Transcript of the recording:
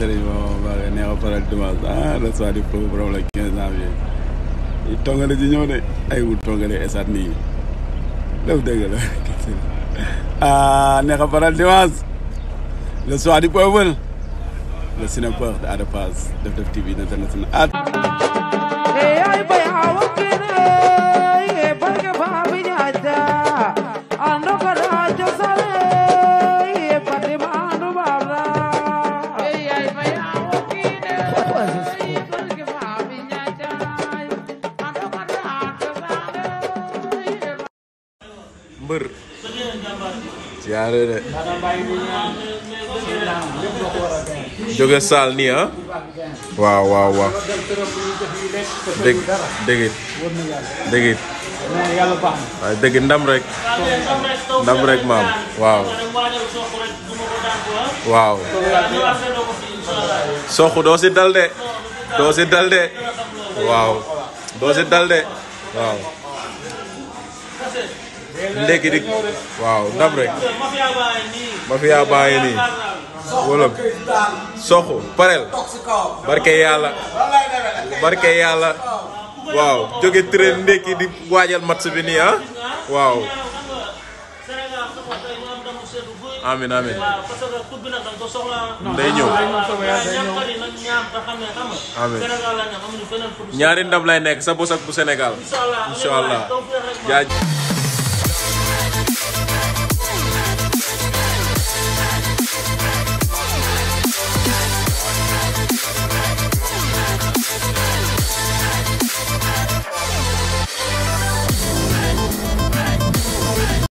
sëriñ moom waxee neex a faral dimanche ah, la quinze janvier yi ji ñëw ay wut tongale esat nii daf dëgg la ah neex a faral dimanche le soir du peuple le ciné peur de Ada Fass Def Def TV international ah. mbër. siyaare de. jóge saal nii ah. waaw waaw waaw. dégg dégg it. ndam rek. ndam rek maam waaw. waaw. soxu dal de. doo dal de. waaw. doo dal de waaw. ndekki di waaw ndam rek ma fi yaa bàyyi nii wolof soxu parel barke yàlla barke yàlla waaw jóge train ndekki di waajal match bi nii ah waaw amin amin day ñëw ñaari ndam lay nekk sa bos bu senegal incha